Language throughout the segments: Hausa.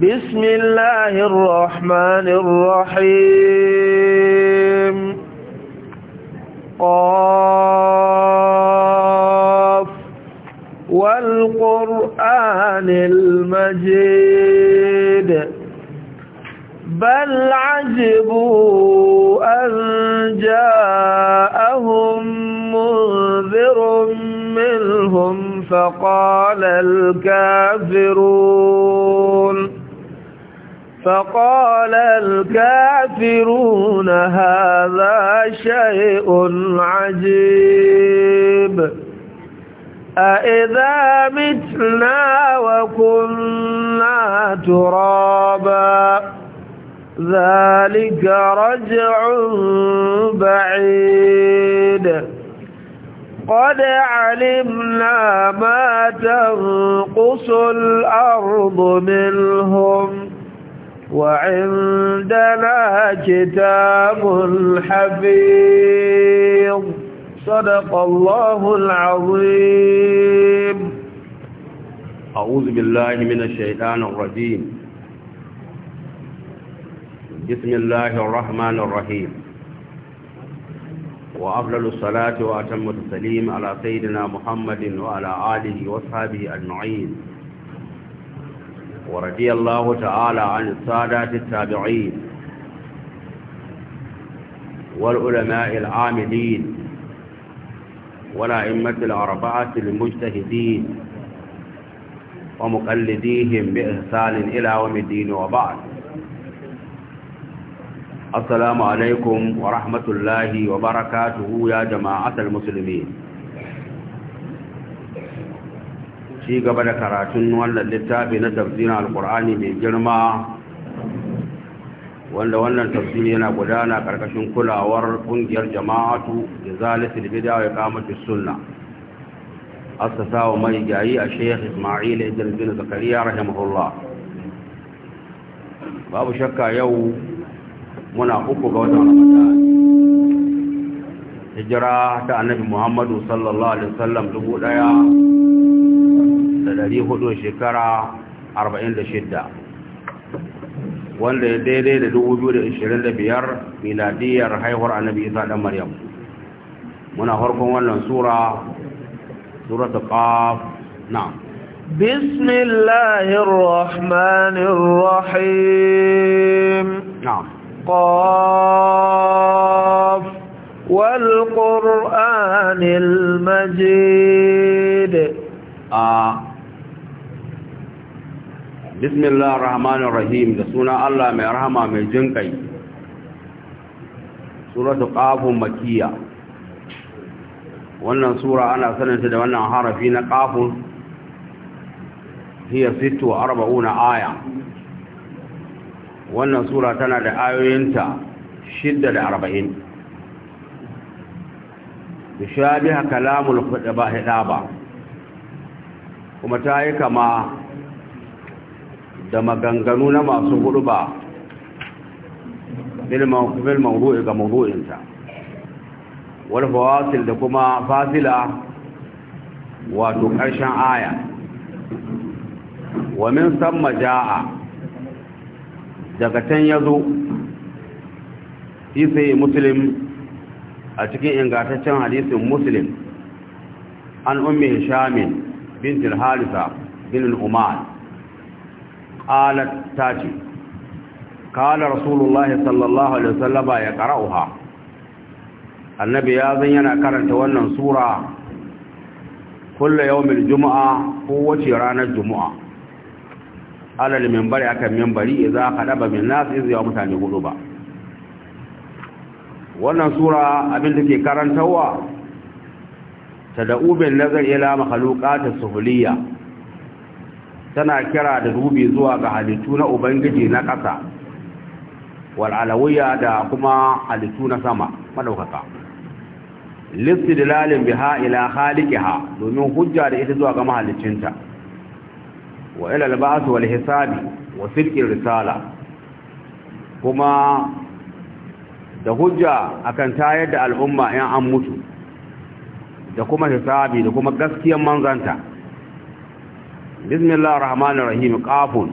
بسم الله الرحمن الرحيم قاف والقرآن المجيد بل عجبوا أن جاءهم منذر منهم فقال الكافرون فقال الكافرون هذا شيء عجيب أإذا متنا وكنا ترابا ذلك رجع بعيد قد علمنا ما تنقص الأرض منهم وعندنا كتاب حفيظ صدق الله العظيم أعوذ بالله من الشيطان الرجيم بسم الله الرحمن الرحيم وأفضل الصلاة وأتم التسليم على سيدنا محمد وعلى آله وصحبه أجمعين ورضي الله تعالى عن السادات التابعين والعلماء العاملين والأئمة الأربعة المجتهدين ومقلديهم بإحسان إلى يوم الدين وبعد السلام عليكم ورحمة الله وبركاته يا جماعة المسلمين ci gaba da karatun wannan littafi na tafsirin alkur'ani mai girma wanda wannan tafsiri yana gudana karkashin kulawar kungiyar jama'atu da zalisul bid'a wa iqamatus sunna assasa wa mai gayi a Sheikh Isma'il Idris bin Zakariya rahimahullah babu shakka yau muna uku ga watan ramadan hijira ta annabi muhammadu sallallahu alaihi wasallam dubu daya da dari hudu shekara arba'in da shidda wanda ya daidai da dubu biyu da ishirin da biyar miladiyar haihuwar annabi isa dan maryam muna harkon wannan sura suratul qaf na'am بسم الله الرحمن الرحيم نعم قاف والقرآن المجيد آه. بسم الله الرحمن الرحيم لسونا الله من رحمة من جنكي سورة قاف مكية wannan sura ana sananta da wannan harafi na qafun hiya 46 aya wannan sura tana da ayoyinta shidda da arba'in da shabiha ba haɗa ba, kuma ta yi kama da maganganu na masu ba bil mawdu'i ga mawdu'inta wal fawasil da kuma fasila wato ƙarshen aya wa min daga can ya zo isai muslim a cikin ingantaccen hadisin muslim an ummi hishamin bintil harisa bin al'umar qalat tace qala rasulullah sallallahu alaihi wasallam ya qara'uha annabi ya zan yana karanta wannan sura yau yawmil juma'a ko wace ranar juma'a. alal mimbari akan mimbari idza khadaba min nas iz ya mutane hudu ba wannan sura abin da ke karantawa tad'ubin nazar ila makhluqat suhuliyya tana kira da dubi zuwa ga halittu na ubangiji na ƙasa wal alawiyya da kuma halittu na sama madaukaka listidlalin biha ila khaliqiha domin hujja da ita zuwa ga mahaliccinta wa ila al-ba'th wal hisabi wa risala kuma da hujja akan tayar da al'umma in an mutu da kuma hisabi da kuma gaskiyar manzanta bismillahir rahmanir rahim qafun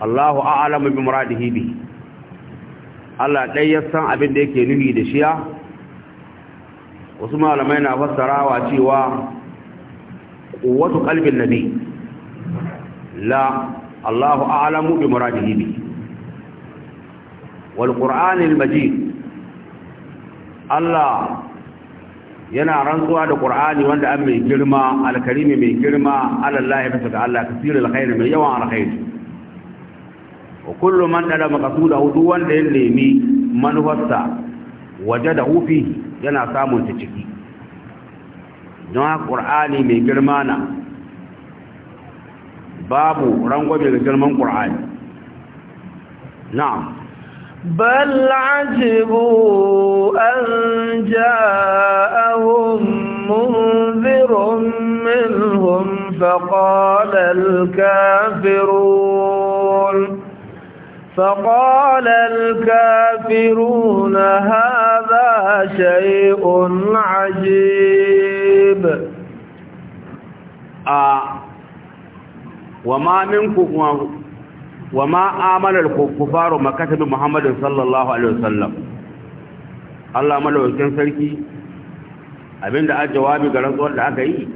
Allahu a'lamu bi muradihi bi Allah dai ya san abin da yake nuhi da shiya wasu malamai na fassarawa cewa quwwatu qalbin nabi la Allahu a'lamu bi muradihi bi wal majid Allah yana rantsuwa da Qur'ani wanda an mai girma alkarimi mai girma alallahi bisa ga Allah kasirul khair mai yawan alkhair wa kullu man dala maqsudahu duk wanda ya nemi manufarsa wajada fi yana samun ta ciki don Qur'ani mai girma na باب رنقوب ga القرآن نعم بل عجبوا أن جاءهم منذر منهم فقال الكافرون فقال الكافرون هذا شيء عجيب آه wa ma minkum wa ma amana al-kufaru makkata bi Muhammadin sallallahu alaihi wasallam Allah malawakin sarki abinda a jawabi ga rantsuwar da aka yi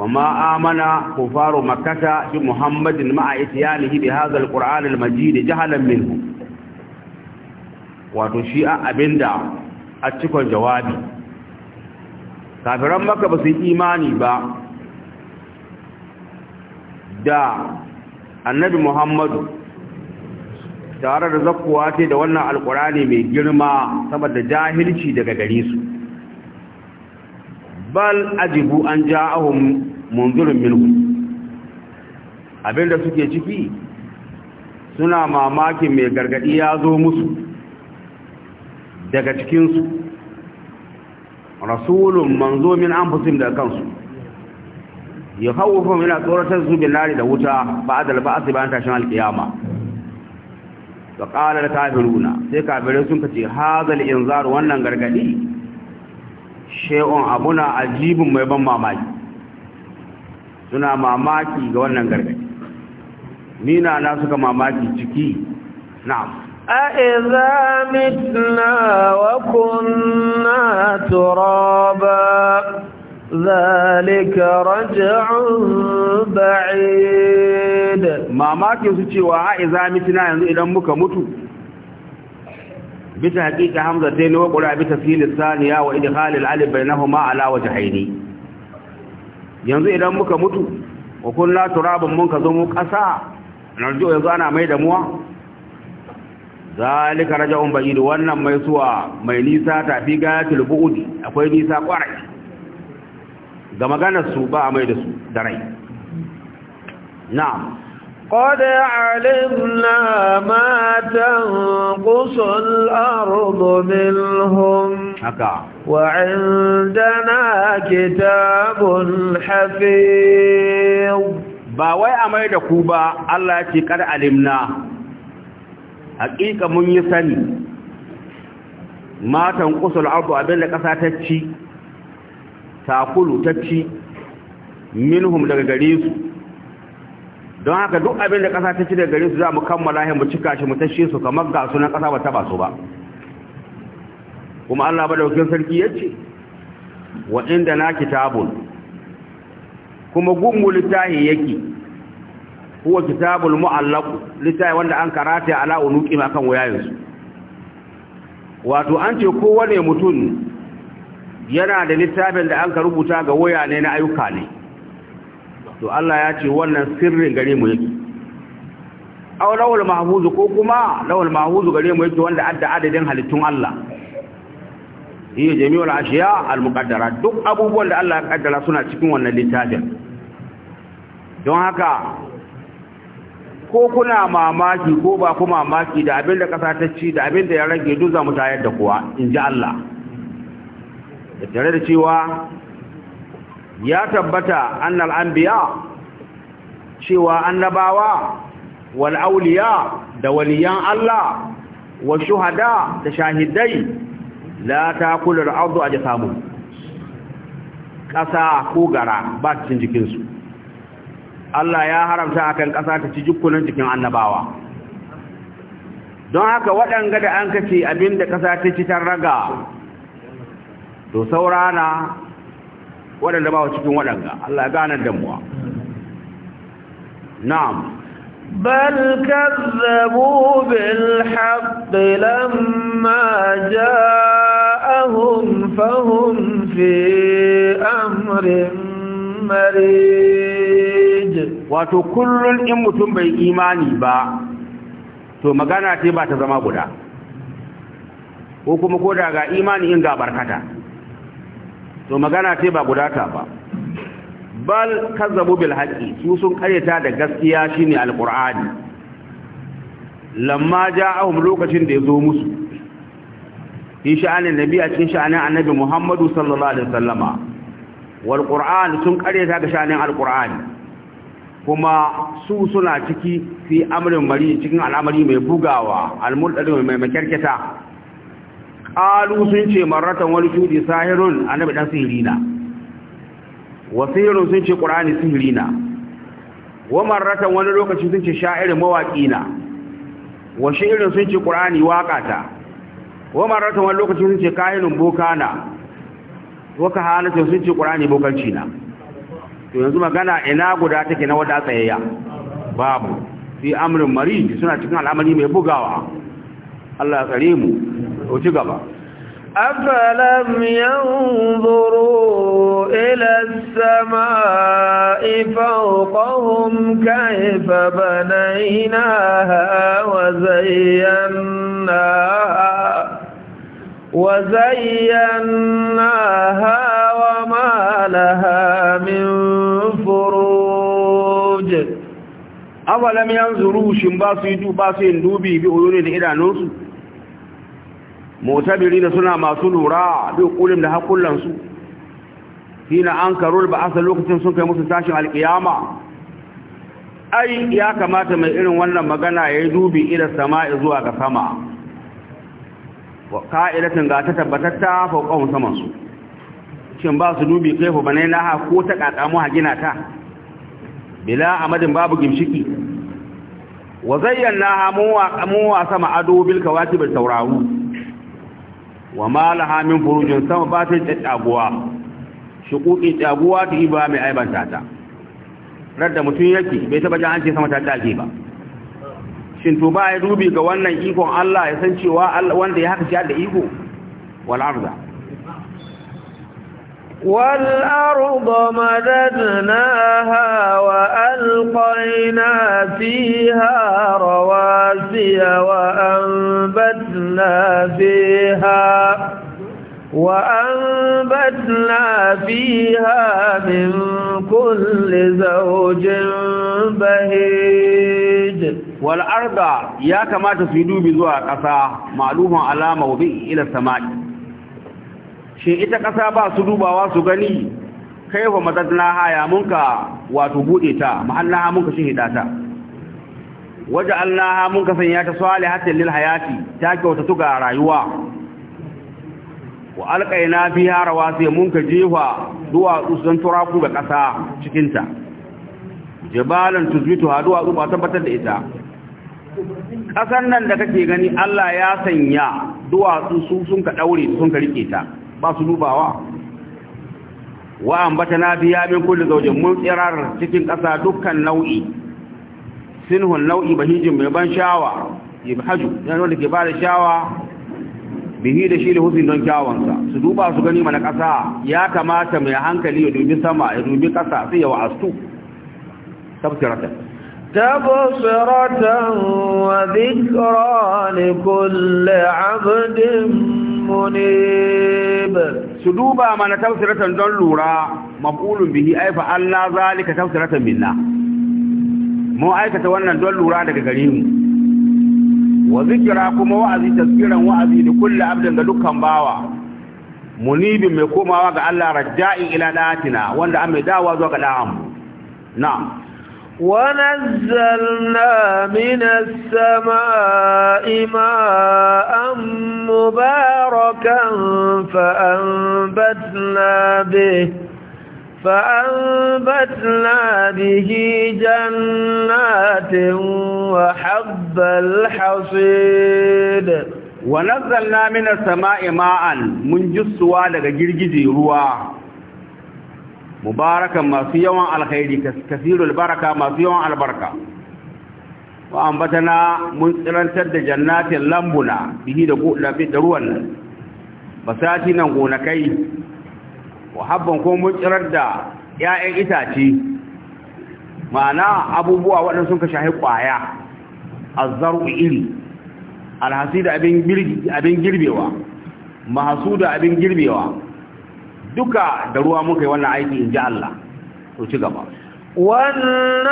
wa ma amana kufaru makkata bi Muhammadin ma'a itiyanihi bi hadha al-Qur'an al-Majid jahalan minhu wato shi abinda a cikon jawabi kafiran makka ba su imani ba da annabi muhammadu tare da zakkuwa ce da wannan alkurani mai girma saboda jahilci daga gare su bal ajibu an ja'ahum munzurun minhu abinda suke ciki suna mamakin mai gargadi ya zo musu daga cikinsu rasulun manzo min anfusin da kansu ya khawufu yana tsoratar su bin da wuta ba'da al-ba'th bayan tashin al wa qala al-kafiruna sai kafirai sun kace hadha inzar wannan gargadi shay'un abuna ajibun mai ban mamaki suna mamaki ga wannan gargadi nina na suka mamaki ciki na'am mitna wa kunna turaba ذلك رجع بعيد mamakin su cewa aiza mitina yanzu idan muka mutu bita hakika hamza dai ne wa qura bi tafsil thaniya wa idkhal al-alif bainahuma ala wajhayn yanzu idan muka mutu wa kullu turabun mun ka zo mu kasa narjo yanzu ana mai da muwa zalika raja'un ba'id wannan mai suwa mai nisa tafi gayatul bu'udi akwai nisa kwarai ga maganar su ba a mai da su da rai na'am قد علمنا ما تنقص الأرض منهم وعندنا كتاب حفيظ باوي أمي دكوبا الله قد علمنا حقيقة من يسني ما تنقص الأرض أبين لك ساتتشي takulu tacci minhum daga gare su don haka duk abin da ƙasa ta ci daga gare su za mu kammala hin mu cika shi mu tashe su kamar ga sunan kasa ba ta ba su ba kuma Allah madaukakin sarki yace wa inda na kitabun kuma gummu littahi yake huwa kitabul mu'allaq littahi wanda an karata ala unuqi ma kan wayayensu wato an ce wane mutum yana da littafin da an ka rubuta ga waya ne na ayyuka ne to Allah ya ce wannan sirrin gare mu yake aw lawul mahfuz ko kuma lawul mahfuz gare mu yake wanda adda adadin halittun Allah hiya jami'ul ashiya al muqaddara duk abubuwan da Allah ya kaddara suna cikin wannan littafin don haka ko kuna mamaki ko ba ku mamaki da abinda kasa ta ci da abinda ya rage duk za mu tayar da kowa in ji Allah tare da cewa ya tabbata annal anbiya cewa annabawa wal auliya da waliyan Allah wa shuhada da shahidai la taqulu al-ardu ajsamu ƙasa ko gara ba cikin jikinsu Allah ya haramta akan ƙasa ta ci jikunan jikin annabawa don haka waɗanga da an kace abinda ƙasa ta ci tarraga to saurana waɗanda ba cikin waɗanga. Allah ya gane damuwa na'am بل كذبوا بالحق لما جاءهم فهم fi amrin مريج wato kullun in mutum bai imani ba to magana ce ba ta zama guda ko kuma ko daga imani in ga barkata to magana ce ba gudata ba bal kazzabu bil haqqi su sun karyata da gaskiya shine alqur'ani lamma ja'ahum lokacin da yazo musu fi sha'anin nabi a cikin sha'anin annabi Muhammadu sallallahu alaihi wasallama wal qur'an sun karyata ga sha'anin alqur'ani kuma su suna ciki fi amrin mari cikin al'amari mai bugawa almuldadu mai makarkata qalu sun ce marratan wal judi sahirun annabi dan sihirina wa sun ce qur'ani sihirina wa marratan wani lokaci sun ce sha'irin mawaƙina wa sha'irin sun ce qur'ani waƙata wa marratan wani lokaci sun ce kahinun bokana wa kahanatun sun ce qur'ani bokanci na to yanzu magana ina guda take na wada tsayayya babu fi amrin mari suna cikin al'amari mai bugawa Allah ya tsare mu وشي أفلم ينظروا إلى السماء فوقهم كيف بنيناها وزيناها وزيناها وما لها من فروج أفلم ينظروا شمباسي دوباسي دوبي بأيون إلى نصر mutabiri da suna masu lura duk kulim da hakullansu hina an karul ba asa lokacin sun kai musu tashin alkiyama ai ya kamata mai irin wannan magana ya yi dubi ila sama'i zuwa ga sama ka'idatin ga ta tabbatatta fauqahum saman su shin ba su dubi kai fa bane na ha ko ta kakamu ha gina ta bila amadin babu gimshiki wa zayyana ha mu wa sama ado bil kawatib al tawrawu wa ma laha min furujin sama ba ta tsaguwa shuquqi tsaguwa ta iba mai aibanta ta radda mutun yake bai taba jan an ce sama ta tsage ba shin to ba ya dubi ga wannan ikon Allah ya san cewa wanda ya haka shi da iko wal arda والأرض مددناها وألقينا فيها رواسي وأنبتنا فيها وأنبتنا فيها من كل زوج بهيج والأرض يا كما تسيدوا بزوء قصا معلومة علامة وبئ إلى السماء shi ita ƙasa ba su dubawa su gani kai wa matatna haya munka wato buɗe ta ha munka shi hida ta waje allaha munka sanya ta hatta lil hayati ta kyauta tuga rayuwa wa alƙaina fiha rawasi munka jefa duwatsu don turaku ga ƙasa cikinta jibalan tuzbitu ha duwatsu ba tabbatar da ita ƙasar nan da kake gani Allah ya sanya duwatsu su sun ka ɗaure sun ka rike ta ba su dubawa wa ambatana biya min kulli zawjin mun tsirar cikin ƙasa dukkan nau'i sinhun nau'i bahijin mai ban shawa ibhaju yana wanda ke ba da shawa bihi da shi da huzin don kyawansa su duba su gani mana ƙasa ya kamata mai hankali ya dubi sama ya dubi ƙasa sai ya wa'astu tafsiratan تبصرة وذكرى لكل عبد منيب سدوبا من تبصرة دون لورا مقول به أي فعلنا ذلك تبصرة منا mu aikata wannan don lura daga gare mu wa zikira kuma wa'azi tazkiran wa'azi da kulli abdin ga dukkan bawa munibin mai komawa ga Allah raja'in ila wanda an dawa zuwa ga ونزلنا من السماء ماء مباركا فأنبتنا به فأنبتنا به جنات وحب الحصيد ونزلنا من السماء ماء من جسوا لغا جرجدي روا mubarakan masu yawan alkhairi kasirul baraka masu yawan albarka wa ambatana mun tsirantar da jannatin lambuna bihi da da ruwan nan basati nan gonakai wa habban ko mun tsirar da 'ya'yan itace ma'ana abubuwa waɗanda sun ka shahi ƙwaya azzaru iri alhasi da abin girbewa mahasu da abin girbewa duka da ruwa muka yi wannan aiki in ji Allah to ci gaba wannan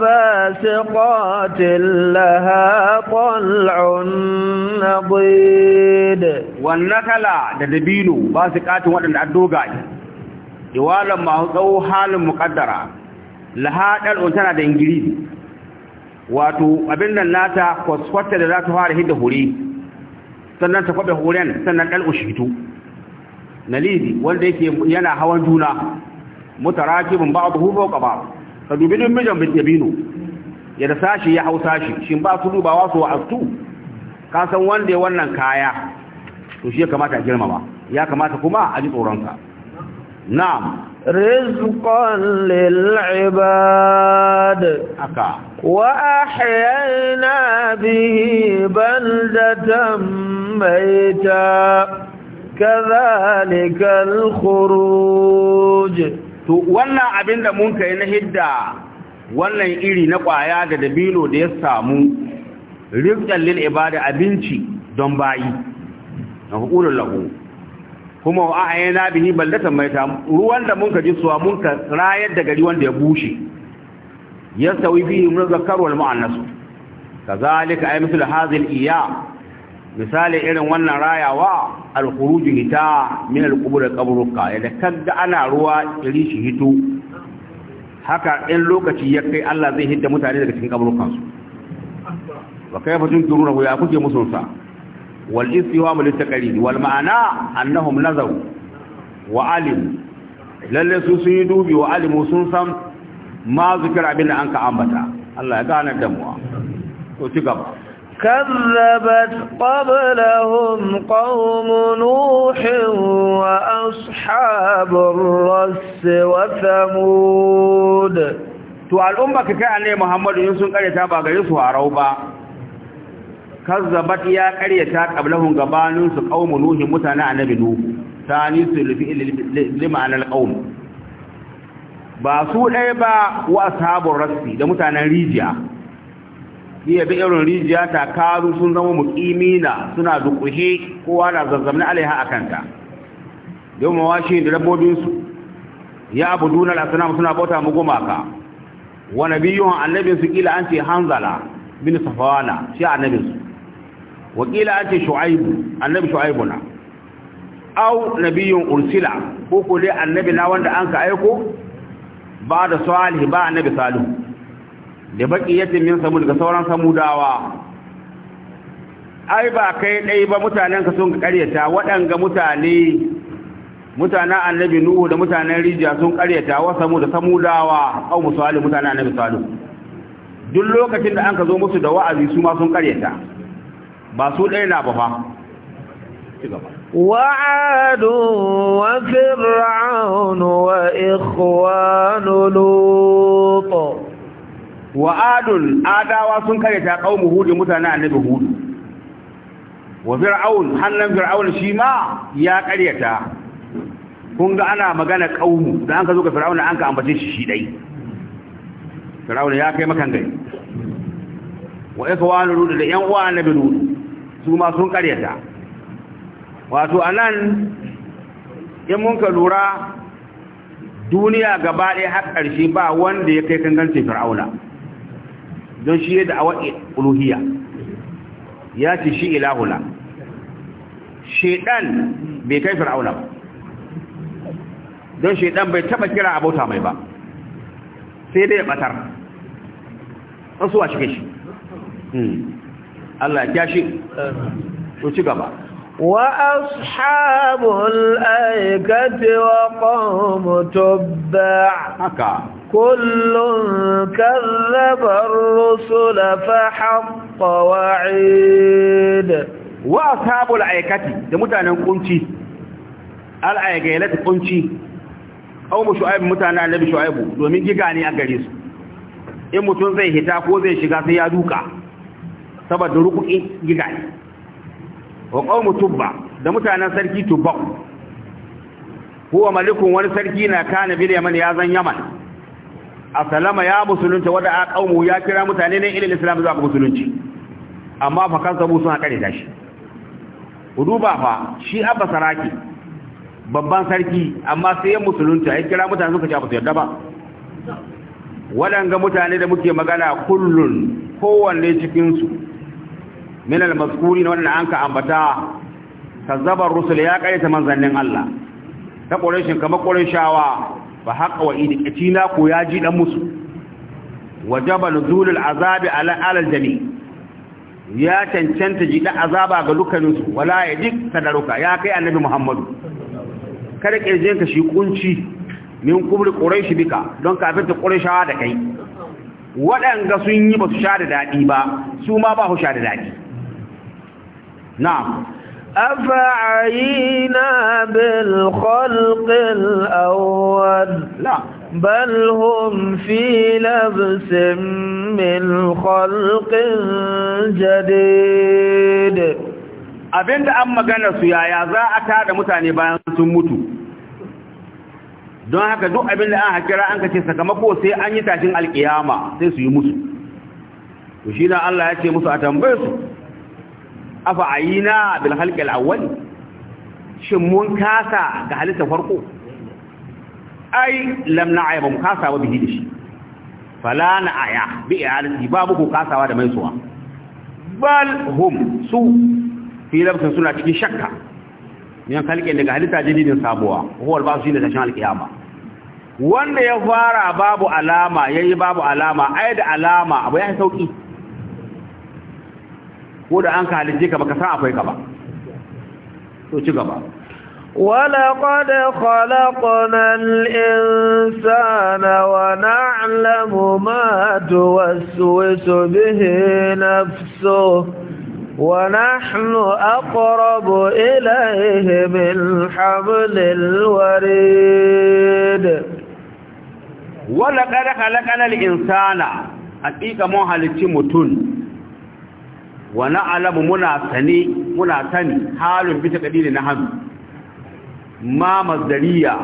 باسقات لها طلع نضيد والنخل da wato abin nan nata phosphate da za ta fara hidda hure sannan ta kwabe huren sannan dal'u shi nalidi wanda yake yana hawan juna mutarakibun ba'dahu fawqa ba'd ka dubi din mijan bin yabinu ya da sashi ya hausa shi shin ba su dubawa su astu? ka san wanda ya wannan kaya to shi ya kamata a girmama ya kamata kuma a ji tsoronka na'am رزقا للعباد وأحيينا به بلدة ميتا كذلك الخروج to wannan abin da mun kai na hidda wannan iri na kwaya da dabino da ya samu rizqan lil ibada abinci don bayi na hukulun lahu kuma wa ayyana bihi baldatan maita ruwan da mun ka ji suwa mun ka rayar da gari wanda ya bushe Ya yastawi bihi muzakkar wal mu'annas kazalika a yi hadhihi al iya misali irin wannan rayawa alkhuruju hita min alqubur qabruka Idan kaga ana ruwa iri shi hito haka in lokaci ya kai Allah zai hidda mutane daga cikin kabrukan su wa kayfa tunzuruna ya kuke musunsa wal istiwam lit taqrid wal ma'ana annahum nazaru wa alim lalle su sun yi dubi wa alimu sun san ma zikira abin da an ka ambata Allah ya gane damuwa to ci gaba كذبت قبلهم قوم نوح وأصحاب الرس وثمود to al'umma ka kai annabi Muhammadu in sun karyata ba gare su harau ba kazzabat ya karyata qablahum gabanin su qaumu nuhi mutane annabi nuhu ba su ɗaya ba wa ashabur rasi da mutanen rijiya ya bi irin rijiya ta karu sun zama na suna dukuhe kowa na zazzamni alaiha kanta. domin washe da dabbobin ya abu al-asnam suna bauta mu gumaka wa nabiyun annabin annabinsu kila an ce hanzala bin safawana shi a annabinsu. wa kila an ce shu'aibu annabi shu'aibuna aw nabiyun ursila ko ko dai annabi na wanda an ka aiko ba da salih ba annabi salihu da baki yace min samu daga sauran samudawa ai ba kai dai ba mutanen ka sun karyata waɗanga mutane mutanen annabi nuhu da mutanen rijiya sun karyata wa samu da samudawa au musali mutanen annabi salu duk lokacin da an ka zo musu da wa'azi su ma sun karyata ba su ɗaya na ba fa وعاد وفرعون وإخوان لوط wa adun adawa sun karyata qaumu hud mutane annabi hudu. wa fir'aun hannan fir'aun shi ma ya karyata kun ga ana magana qaumu da an ka zo ga fir'aun an ka ambace shi shi dai fir'aun ya kai makan gari wa ikwanu hud da yan uwa annabi hud su ma sun karyata wato anan in mun ka lura duniya gaba ɗaya har ƙarshe ba wanda ya kai kangancin fir'auna don shi da awa uluhiyya ya ce shi ilahula shaidan bai kai fir'auna ba don shaidan bai taba kira abota mai ba sai dai ya batar wasu a cikin shi hmm. Allah ya shi to ci gaba وأصحاب الأيكة وقوم تبع هكذا كل كذب الرسل فحق وعيد واصحاب الايكه ده متانن kunci al'ayyalat kunci aw mu shu'aib mutanen annabi shu'aibu domin giga ne a gare su in mutum zai hita ko zai shiga sai ya duka saboda rukuki giga ne wa qawmu tubba da mutanen sarki tubba huwa malikun wani sarki na kana bil yaman ya zan yaman asalama ya musulunta wanda a kaumu ya kira mutane ne ilil islam zuwa musulunci amma fa kansa mu sun kare tashi uduba fa shi abba saraki babban sarki amma sai ya musulunta ya kira mutane suka ci abu yadda ba waɗanga mutane da muke magana kullun kowanne cikinsu min al-maskuri na wannan an ka ambata kazzabar rusul ya karyata manzannin Allah ta ƙorashin kamar shawa. fa haka wa idi katina ko ya ji dan musu wajaba nuzulul azabi ala alal jami ya cancanta ji da azaba ga dukkanin su wala yadik sadaruka ya kai annabi muhammadu kada kirjin ka shi kunci min kubri quraishi bika don ka fita qurayshawa da kai waɗanga sun yi ba su sha da daɗi ba su ma ba su sha da daɗi na'am أفعينا بالخلق الأول لا بل هم في لبس من خلق جديد abinda an magana su yaya za a tada mutane bayan sun mutu don haka duk abinda an hakira an kace sakamako sai an yi tashin alkiyama sai su yi musu to shi Allah ya ce musu a tambaye su afa ayina bil halqi awwal shin mun kasa ga halitta farko ai lam na'ay ba mu kasa wa bihi shi. fala na'aya bi i'adati babu kasawa da mai suwa bal hum su fi labsin suna cikin shakka yan halqi daga halitta jadidin sabuwa huwa ba su ne da shan alqiyama wanda ya fara babu alama yayi babu alama ai da alama abu ya sauki ko da an ka halice ka baka san akwai ka ba to ci gaba ولقد خلقنا الإنسان ونعلم ما توسوس به نفسه ونحن أقرب إليه من حبل الوريد ولقد خلقنا الإنسان حقيقة مهلة متن wa na'lamu muna sani muna sani halun bi taqdiri na hamu ma mazdariya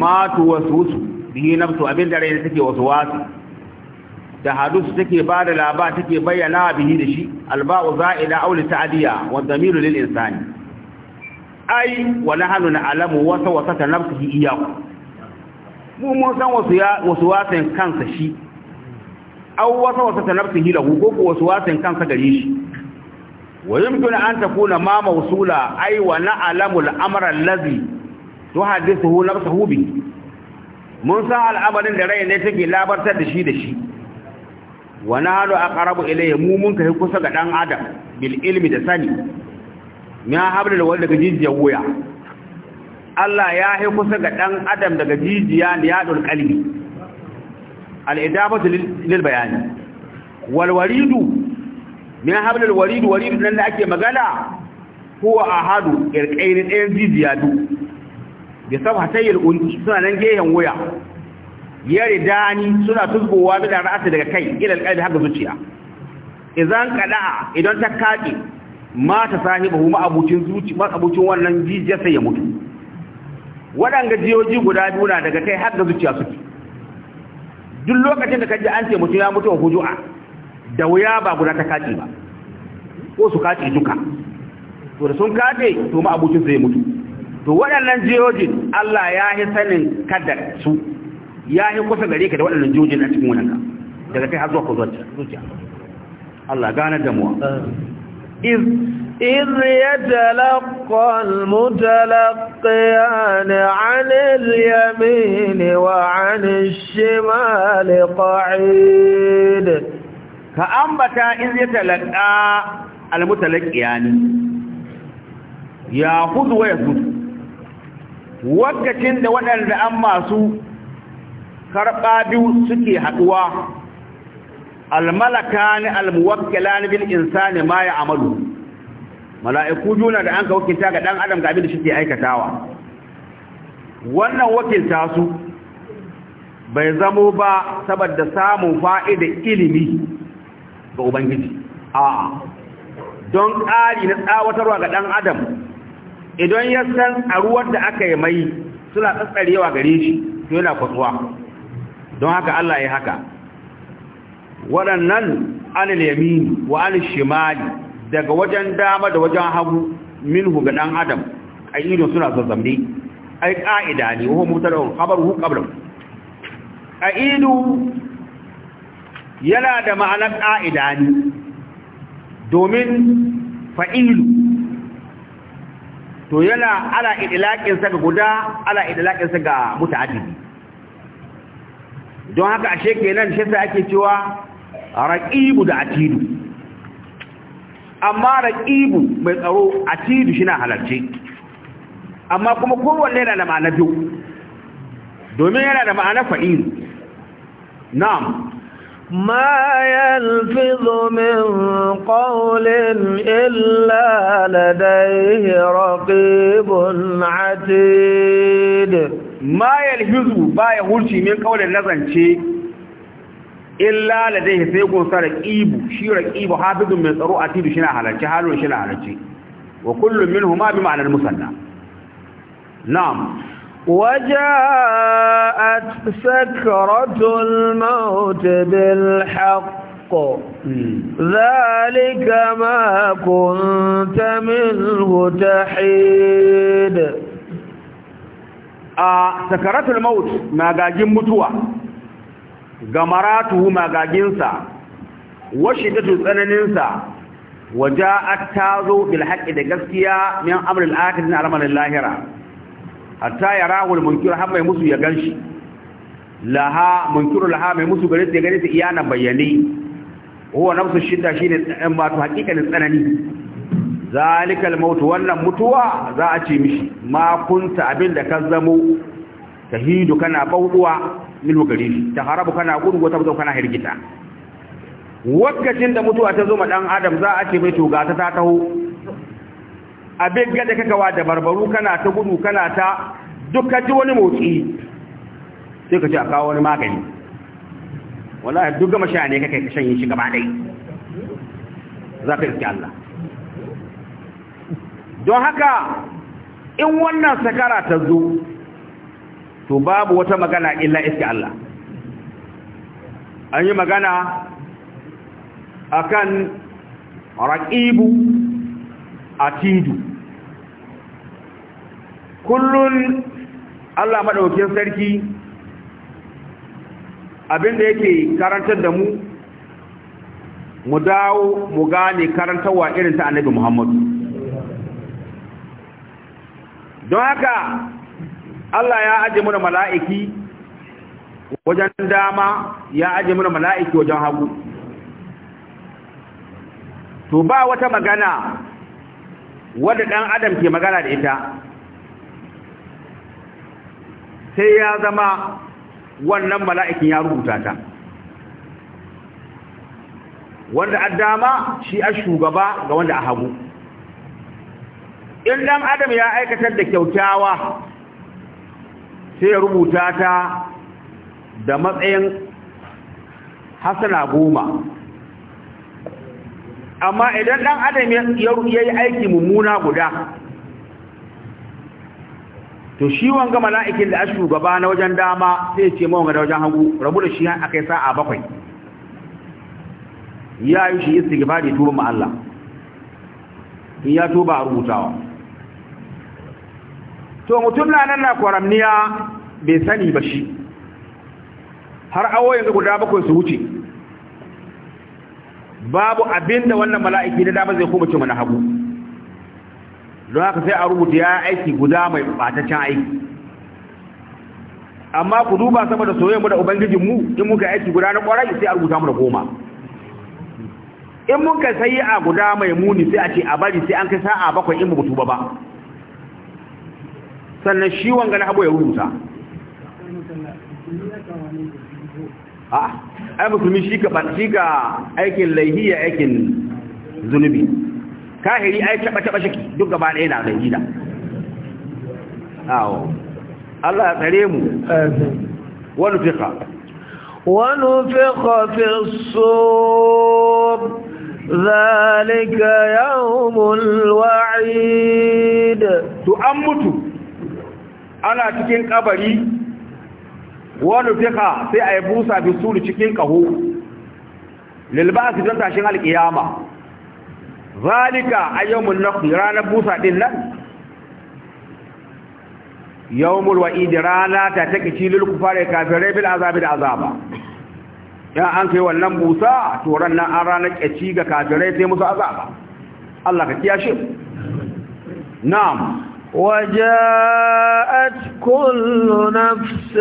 ma tuwasusu bihi nafsu abin da rai take wasu da hadusu take ba da laba take bayyana bihi da shi alba'u za'ida aw li ta'diya wa dhamiru lil insani ai wa nahnu na'lamu wasa wasata nafsihi iyyaku mu mun san wasu wasu wasan kansa shi aw wasa wasa ta nafsihi lahu ko ko wasu wasan kansa gare shi wa yumkin an takuna ma mawsula ay wa na'lamu al-amra allazi tuhaddithu nafsuhu bi mun san al'amarin da rai ne take labartar da shi da shi wa nahnu aqrabu ilayhi mu mun kai kusa ga dan adam bil ilmi da sani ya hablul wal daga wuya Allah ya yi kusa ga dan adam daga jijiya ne ya dul al'idabatu lil bayani Walwaridu? waridu min habl al warid nan da ake magana Kowa a hadu irqayn ɗayan jijiya du da sabhatayil unki suna nan gehen waya yaridani suna tuzgowa da ra'asa daga kai ila alqalbi haka zuciya idan qada'a idan ta kaki mata sahibihu ma abucin zuci ma abucin wannan jijiya sai ya mutu wadanga jiyoji guda biyu na daga kai har da zuciya suke duk lokacin da ka ji an ce mutum ya mutu a hujua da wuya ba guda ta kaci ba ko su kaci duka to da sun kaci to ma abucin zai mutu to waɗannan jihohin Allah ya yi sanin kada su ya yi kusa gare ka da waɗannan jihohin a cikin wannan daga kai har zuwa ku zuwa Allah gane damuwa إذ إذ يتلقى المتلقيان عن اليمين وعن الشمال قعيد كأنبت إذ يتلقى المتلقيان يأخذ ويأخذ وقت عند وأن الأمة سوء karɓa biyu suke haɗuwa almalakani almuwakkilani bil insani ma ya amalu mala'iku juna da anka wakilta ga dan adam ga abin da shi aikatawa wannan wakilta su bai zamo ba saboda samun fa'ida ilimi ga ubangiji a don ƙari na tsawatarwa ga dan adam idan ya san ruwan da aka yi mai suna tsatsarewa gare shi to yana kwatsuwa don haka Allah ya haka waɗannan anil yamini wa anil shimali daga wajen dama da wajen hagu minhu ga dan adam ai suna zazzamne ai ƙa'ida ne wa mutadawun khabaruhu qabla aidu yana da ma'anar ƙa'ida ne domin fa'ilu to yana ala idlaqin sa ga guda ala idlaqin sa ga muta'addidi don haka ashe kenan shi sai ake cewa raqibu da atidu amma raqibu mai tsaro atidu shi na halarci amma kuma kowanne yana da ma'ana biyu domin yana da ma'ana faɗi na'am ma yalfi min ƙaunin illa ladaihi raqibun atidu ma yalfi ba ya hulci min ƙaunin nazance illa da dai sai gun sa raqibu shi raqibu hafizun mai tsaro atidu shi na halarci halun shi na halarci wa kullu minhuma bi ma'anar musanna na'am وجاءت سكرة الموت بالحق ذلك ما كنت منه تحيد آه سكرة الموت ما قاجم متوى ga maratuhu magaginsa wa shiddatu tsananinsa wa ja'at tazo bil haqqi da gaskiya min al akhirin al'amalin lahira hatta yarahu al munkir har mai musu ya ganshi laha munkir laha mai musu gare ta gare ta iyana bayyane huwa nafsu shidda shine dan wato hakikanin tsanani zalikal maut wannan mutuwa za a ce mishi ma kunta abinda ka zamo tahidu kana bauduwa milu gari ta harabu kana gudu wata mutu kana hirgita wakacin da mutuwa ta zo ma dan adam za a ce mai to ga ta ta taho abin gada kakawa da barbaru kana ta gudu kana ta duka ji wani motsi sai ka ce a kawo wani magani wallahi duk gama sha ne kake ka shanye shi gaba dai za ka iske Allah don haka in wannan sakara ta zo to babu wata magana illa iska Allah an yi magana akan raqibu atidu kullun Allah madaukin sarki abinda yake karantar da mu mu dawo mu gane karantarwa irin ta annabi Muhammad don haka Allah ya aje mana mala'iki wajen dama ya aje mana mala'iki wajen hagu to ba wata magana wadda ɗan adam ke magana da ita sai ya zama wannan mala'ikin ya rubuta ta wanda a dama shi a shugaba ga wanda a hagu in ɗan adam ya aikatar da kyautawa sai ya rubuta ta da matsayin hasana goma amma idan ɗan adam ya yi aiki mummuna guda to shi wanga mala'ikin da a shugaba na wajen dama sai ce wanga da wajen hagu rabu da shi a kai sa'a bakwai ya yi shi istighfari tuba ma Allah in ya tuba a rubutawa to mutum na nan na kwaramniya bai sani ba shi har awo yanzu guda bakwai su wuce babu abinda wannan mala'iki na dama zai kuma ce mana hagu don haka sai a rubuta ya aiki guda mai batacen aiki amma ku duba saboda soyayyar mu da ubangijin mu in muka aiki guda na kwarai sai a rubuta mu da goma in muka sayi a guda mai muni sai a ce a bari sai an kai sa'a bakwai in mu ba ba sannan shi wanga na abu ya rubuta a ai musulmi shi ka shi ka aikin laihiya aikin zunubi kahiri ai taba taɓa shiki duk gaba ɗaya na laihi da awo Allah ya tsare mu wani fika wani fika fi so ذلك يوم الوعيد تؤمتوا ana cikin kabari wani fika sai a yi busa fi suri cikin kaho lilbasi don tashin alkiyama zalika a yawon nafi ranar busa din nan yawon wa'idi rana ta taƙi cilil kufare kafin bil azabi da azaba yan an kai wannan busa turan nan an ranar ƙaci ga rai sai musu azaba Allah ka kiyashe na'am وجاءت كل نفس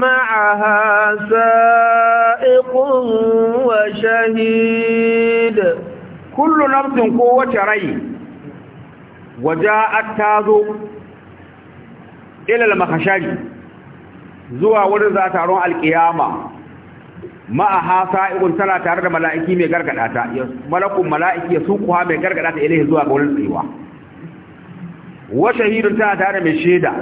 معها سائق وشهيد كل نفس قوة ري وجاءت تازو إلى المخشج زوا ورزا تارون القيامة معها سائق تنا تارد ملائكي مي غرغداتا ملك ملائكي يسوقها مي غرغداتا إليه زوا قول الإيوان wa shahidun ta tare mai shaida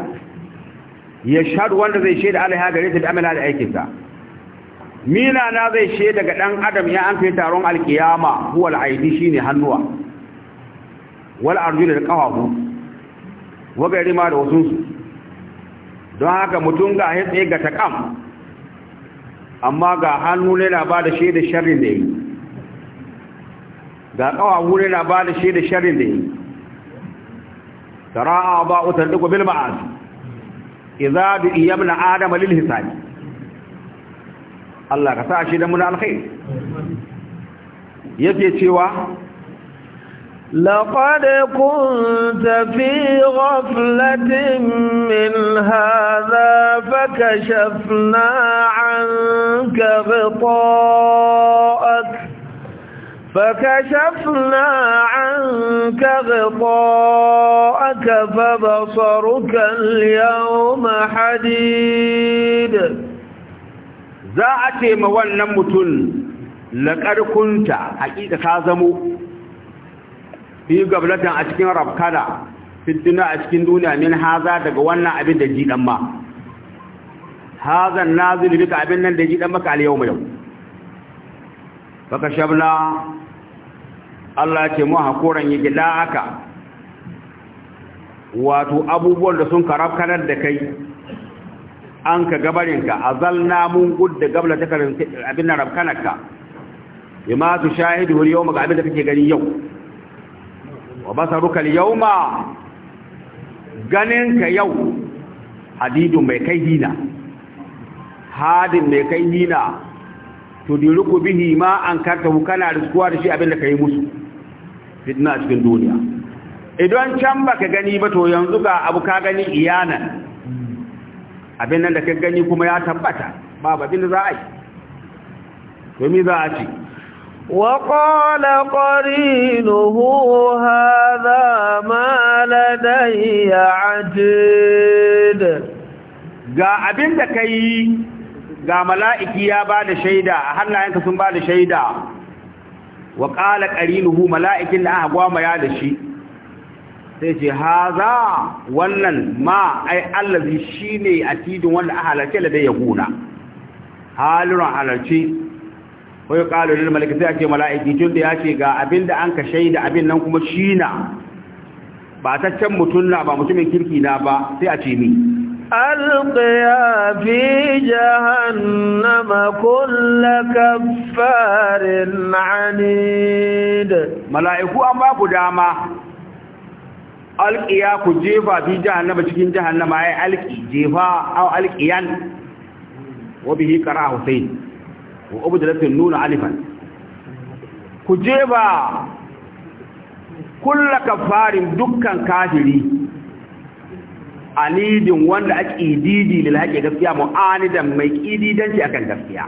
ya shahadu wanda zai shaida alaiha gare ta da Amina da aikinsa mina na zai shaida ga dan adam ya an kai taron alkiyama huwal shi ne hannuwa wal arjulu da qawahu wa gari ma da wasu su don haka mutum ga tsaye ga takam amma ga hannu ne na da shaida sharrin da yi ga qawahu ne na da shaida sharrin da yi ترى أعضاء تندق بالمعاد إذا بإيامنا آدم للحساب الله قساشي لمن دمنا الخير yake cewa لقد كنت في غفلة من هذا فكشفنا عنك غطاءك فكشفنا عنك غطاءك فبصرك اليوم حديد ذاتي مولنا متن لقد كنت حقيقة كازمو في قبلة أشكين ربكنا في الدنيا أشكين دنيا من هذا تقوانا أبن دجيل أما هذا النازل بك أبن دجيل أمك اليوم يوم فكشفنا Allah ce mu hakuran yake da haka wato abubuwan da sun karafkanar da kai an ka gabarinka azalna mun gudda gabla ta karin abin rabkanarka bima tu shahidu wal yawma ga abin da kake gani yau wa basaruka al yawma ka yau hadidun mai kai hina hadin mai kai hina tudiriku bihi ma an karta kana riskuwa da shi abin da kai musu fitna a cikin duniya idan can baka gani ba to yanzu ga abu ka gani iyanan abin nan da ka gani kuma ya tabbata babu abin da za a yi domin za a ce وقال قرينه هذا ما لدي ajid ga abin da kai ga mala'iki ya bada shaida a hannayenka sun bada shaida wa qala qarinuhu mala'ikin da aka gwama ya da shi sai ce haza wannan ma ai allazi shine atidin wanda a halarci da yahuna halun halarci wai qalu lil mala'ika sai ake mala'iki tun da ya ce ga abinda an ka shaida abin nan kuma shina ba taccen mutum na ba mutumin kirki na ba sai a ce ni alƙiya fi jahannama kulla kaffarin na'anid mala'iku an ba ku dama alƙiya ku jefa fi jahannama cikin jahannama ya yi alƙi jefa au alƙiyan wabi yi ƙara hussein wa abu nuna alifan ku jefa kulla kaffarin dukkan kafiri alidin wanda ake ididi lil gaskiya mu'anidan mai kididanci akan gaskiya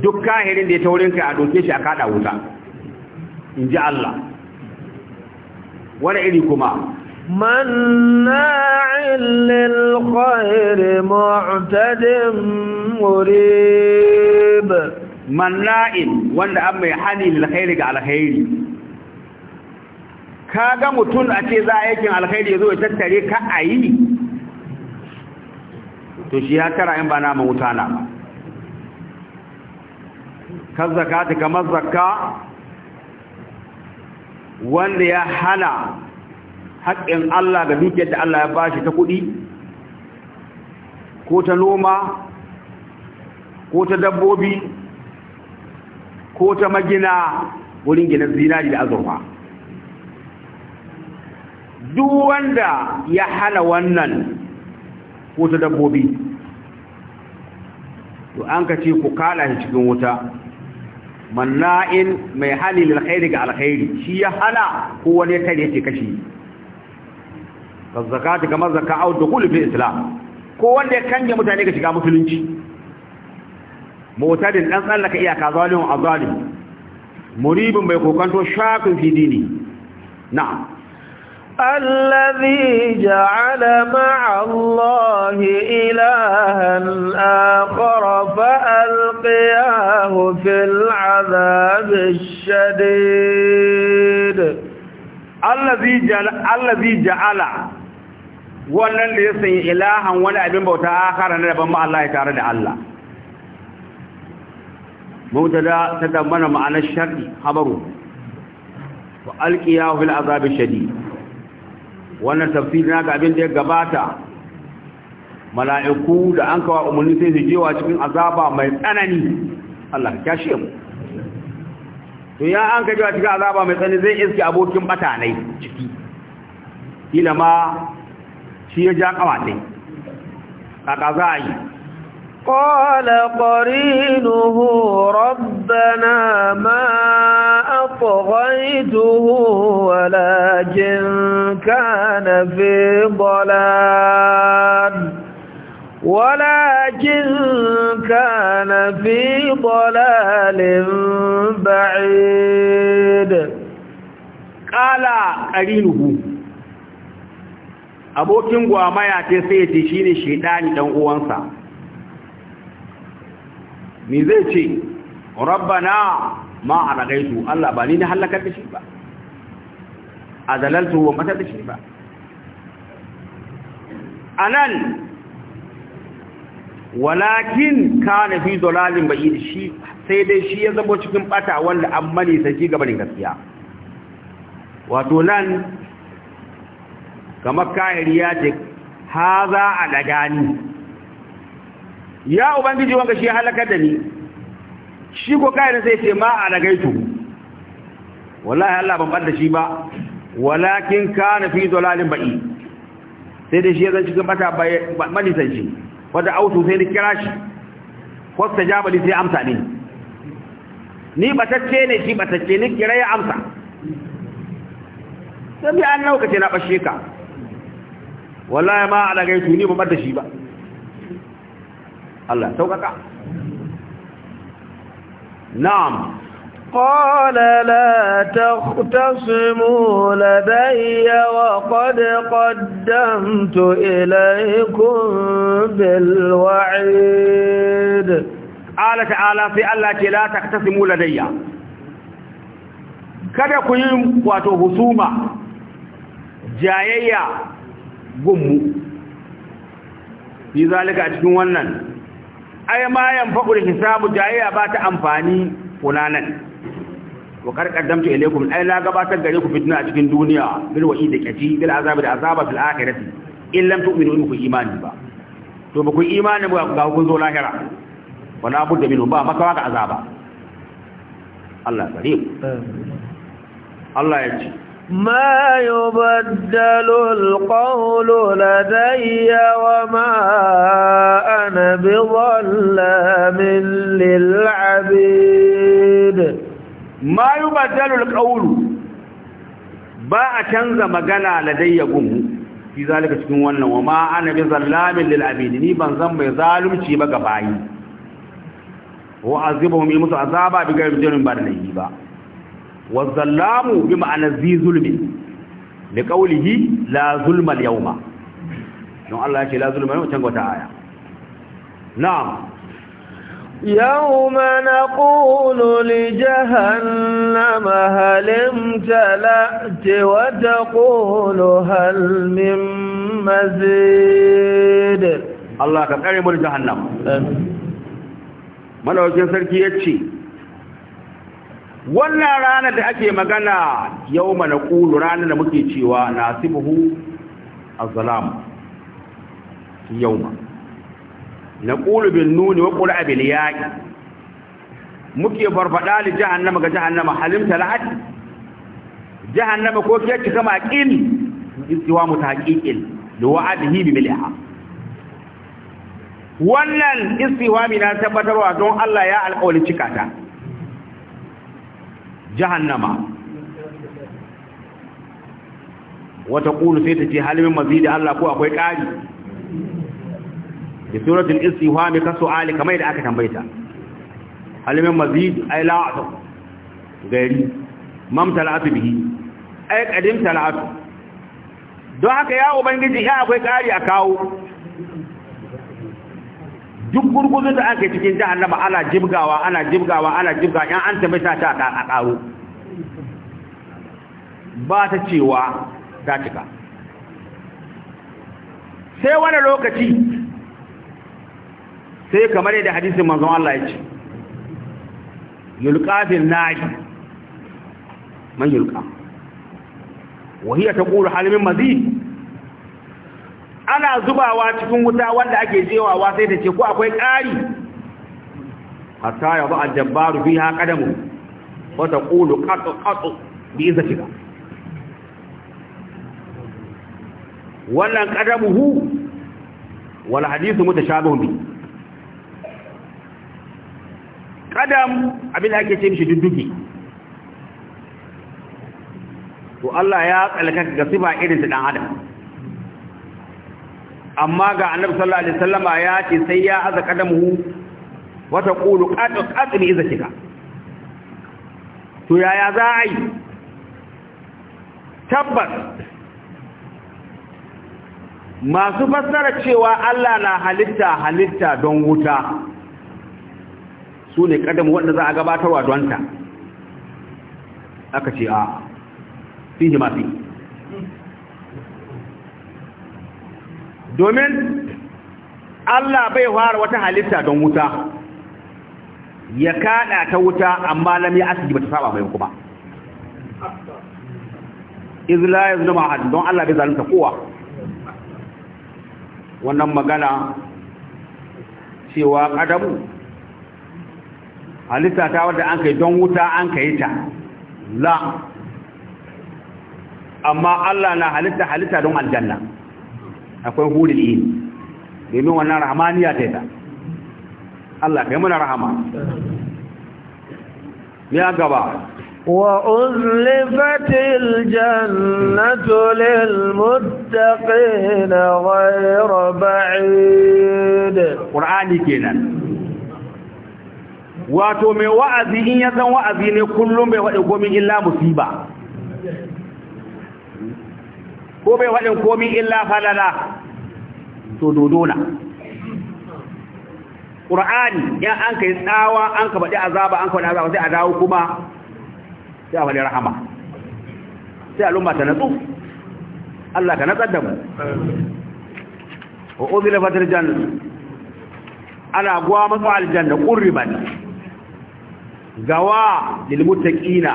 duk kahirin da ya taurin kai a doke shi a kada wuta in ji Allah wani iri kuma مناع للخير معتد مريب مناع wanda an mai hani lil ga alkhairi ka ga mutum a ce za a yakin alkhairi ya zo ya tattare ka a yi to shi ya tara in ba na mawuta na ba Ka zaka ta kamar zaka wanda ya hana haƙƙin Allah ga dukiyar da Allah ya ba shi ta kuɗi ko ta noma ko ta dabbobi ko ta magina wurin gina zinari da azurfa duk wanda ya hana wannan wuta dabbobi to an ka ce ku kala shi cikin wuta manna'in mai hali lil khairi ga alkhairi shi ya hana ko wani ya tare shi kashi ka zakata kamar zakka au dukhul fi islam ko wanda ya kange mutane ga shiga musulunci mutadin dan tsallaka iyaka zalimin azalim muribin bai kokanto shafin fi dini na'am الذي جعل مع الله إلها آخر فألقياه في العذاب الشديد الذي جعل الذي جعل wannan da ya sanya ilahan wani abin bauta akara na daban ma Allah ya tare da Allah mubtada ta tambana ma'anar sharri habaru wa alqiyahu fil azabi shadid wannan tafsiri haka abin da ya gabata mala'iku da an kawo umarni sai su jewa cikin azaba mai tsanani Allah ya kashe mu to ya an kawo cikin azaba mai tsanani zai iske abokin bata ne ciki ila ma shi ya ja kawatai kaka za a yi قال قرينه ربنا ما أطغيته ولكن كان في ضلال ولكن كان في ضلال بعيد قال قرينه abokin gwamaya ta sai ya ce shine shedani dan uwansa me zai ce rabbana ma alagaitu Allah ba ni na halakar da shi ba adalaltu wa matar da shi ba A anan walakin kana fi dalalin da shi sai dai shi ya zama cikin bata wanda an ne sai gabanin gaskiya wato nan kamar kahiri ya ce haza alagani ya ubangiji wanga shi halakar da ni shi ko kai ne sai ce ma alagaitu wallahi Allah ban bada shi ba walakin kana fi dalalin ba'i sai da shi ya zanci cikin bata manisan shi wanda autu sai ni kira shi jaba jabali sai amsa ne ni batacce ne shi batacce ni kira ya amsa sai bi an nauka ce na bashe ka wallahi ma a alagaitu ni ban bada shi ba الله سوف كا نعم قال لا تختصموا لدي وقد قدمت إليكم بالوعيد قال تعالى في ألاك لا تختصموا لدي كذا قيم وتغسوم جايا قم لذلك أتكون لنا ai ma yanfa'ul hisabu jayya ba ta amfani fulanan wa kar qaddamtu ilaykum ai la gabatar gare ku fitna a cikin duniya bil wa'id da kaci bil azabi da azaba fil akhirati in lam tu'minu in ku imani ba to ba ku imani ba ga kun zo lahira wala budda minhu ba makawa ga azaba Allah karim Allah ya ce ما يبدل القول لدي وما أنا بظلام للعبيد ما يبدل القول ba a canza magana ladayya gumu fi zalika cikin wannan wa ma ana bi zallamin lil abidi ni ban san mai zalunci ba ga bayi wa azibuhum musu azaba bi gairin jirin ba da ba wazallamu bi ma'anar zi zulmi da ƙaulihi la zulmal yauma don Allah ya ce la zulmal yauma can gwata aya na'am yauma na ƙunu li jahannama halin tala ce wata ƙunu halin mazidin Allah ka ƙari mulki jahannama manawar sarki ya ce wannan ranar da ake magana yau mana ƙulu ranar da muke cewa na sibuhu a zalamu yau ma na ƙulu bin nuni wa ƙulu abin yaƙi muke farfaɗa da jihannama ga jahannama halimta lahadi Jihannama ko ke cika maƙil istiwa mu ta haƙiƙil da wa'adihi bi miliha wannan istiwa mina tabbatarwa don Allah ya alƙawali cikata jahannama wata kulu sai ta ce halimin mazidi Allah ko akwai ƙari da suratul istiwa mai kaso ali kamar da aka tambaita halimin mazidi ai la'atu gari mam talatu bihi ai kadim talatu don haka ya ubangiji ya akwai ƙari a kawo duk gurguzu da ake cikin jahannama ana jibgawa ana jibgawa ana jibgawa yan an tafi ta ta a karo ba ta cewa ta cika sai wani lokaci sai kamar yadda hadisin manzon Allah ya ce yulqafil naji man yulqa wa hiya taqulu hal mazid ana zubawa cikin wuta wanda ake jewawa sai ta ce ko akwai ƙari hatta ya ba al-jabbaru fiha qadamu wa taqulu qat qat bi izzatika wannan hu wal hadithu mutashabihun bi qadam abin da ake ce mishi duddugi to Allah ya tsalkaka ga sifa irin ta dan adam amma ga annabi sallallahu alaihi wasallama ya ce sai ya aza kadamu wa taqulu qad qad bi izatika to yaya za a yi tabbas masu fassara cewa Allah na halitta halitta don wuta su ne kadamu wanda za a gabatarwa don ta aka ce a fihi ma fihi domin Allah bai fara wata halitta don wuta ya kada ta wuta amma lam ya asiji bata saba mai kuma izla ya zulma ahad don Allah bai zalunta kowa wannan magana cewa kadamu halitta ta wadda an kai don wuta an kai ta la amma Allah na halitta halitta don aljanna akwai hurin yi domin wannan rahamaniya ta yi ta Allah kai muna rahama ya gaba wa'uzlifatil jannatu lilmuttaqina ghayra ba'id qur'ani kenan wato mai wa'azi in ya wa'azi ne kullum bai wadi komai illa musiba ko bai faɗin komi illa falala to dodona ƙur'ani ya an kai tsawa an ka baɗi azaba an ka baɗi azaba sai a dawo kuma sai a faɗi rahama sai a al'umma ta natsu Allah ka natsar da mu wa uzila fatar janna ana gwa masu aljanna qurriban gawa lil muttaqina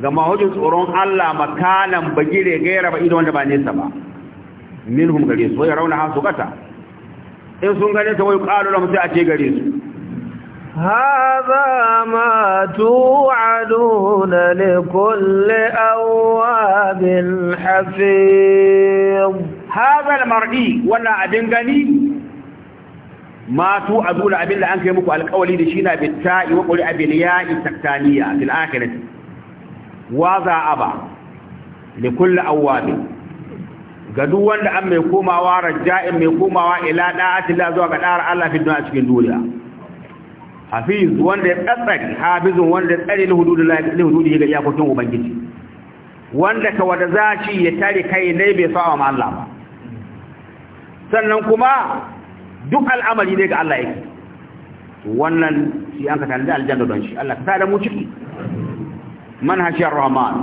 gama mahujin tsoron Allah makalan bagire gaira ba ido wanda ba nesa ba minhum gare su wai rauna hasu kata in sun gane ta wai qalu lahum sai a ce gare su هذا ما توعدون لكل أواب حفيظ هذا المرئي ولا أبن غني ما توعدون أبن لأنك يمكو القولي لشينا بالتائي وقل أبي ياء التكتانية في الآخرة wa za a ba likulli awwabi ga duk wanda an mai komawa raja'in mai komawa ila da'atillah zuwa ga dar Allah fi duniya cikin duniya hafiz wanda ya tsatsari hafiz wanda ya tsare da hududi ga yakokin ubangiji wanda ka wada zaci ya tare kai ne bai sa'a ma Allah ba sannan kuma duk al'amari ne ga Allah yake wannan shi an ka tanda aljanna don shi Allah ka sa da mu ciki من خشي الرحمن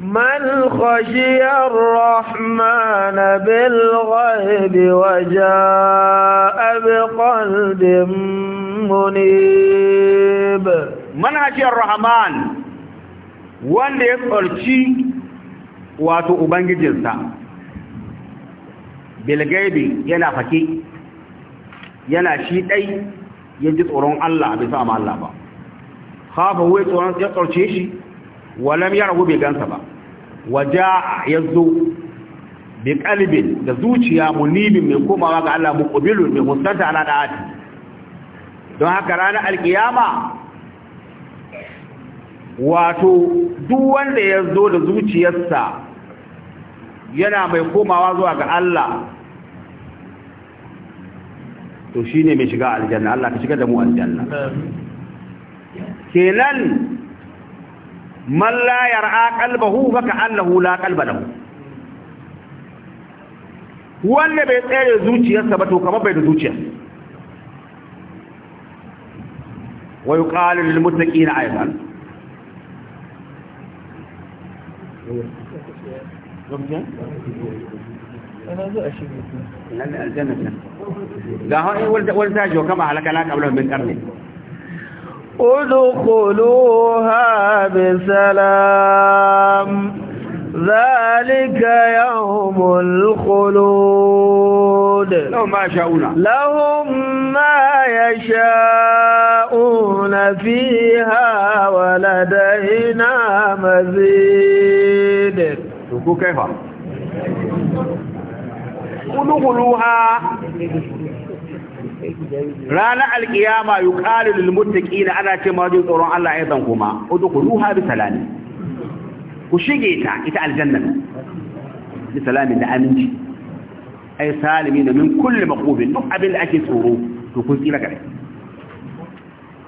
من خشي الرحمن بالغيب وجاء بقلب منيب من خشي الرحمن وندي قلشي واتو أبنج جلسا بالغيب ينا فكي ينا شيء يجد أرون الله بسام الله با خافه ويتوان شيء walam yarahu bai با ba waja yazo bi qalbin da zuciya munibin mai komawa ga Allah muqbilun mai husnata don haka ranar alkiyama wato duk wanda ya zo da zuciyarsa yana mai komawa zuwa ga Allah to shine mai shiga aljanna Allah ka shiga da mu aljanna kenan man la yar'a qalbahu fa ka'annahu la qalba lahu wanda bai tsere zuciyarsa ba to kamar bai da zuciya wa yuqalu lil muttaqina ayatan ga hannun wani tajiyo kama halaka na ƙaunar min ƙarni ادخلوها بسلام ذلك يوم الخلود لهم ما يشاءون لهم ما يشاءون فيها ولدينا مزيد شوفوا كيف ادخلوها ranar alkiyama yi ƙalilul mutaki na ana ce majin tsoron Allah ya zan kuma wadda ku ruha bi salami ku shige ta ita aljannan bi salami da aminci ai salimi da min kulle makobin duk abin da ake tsoro to kun tsira gare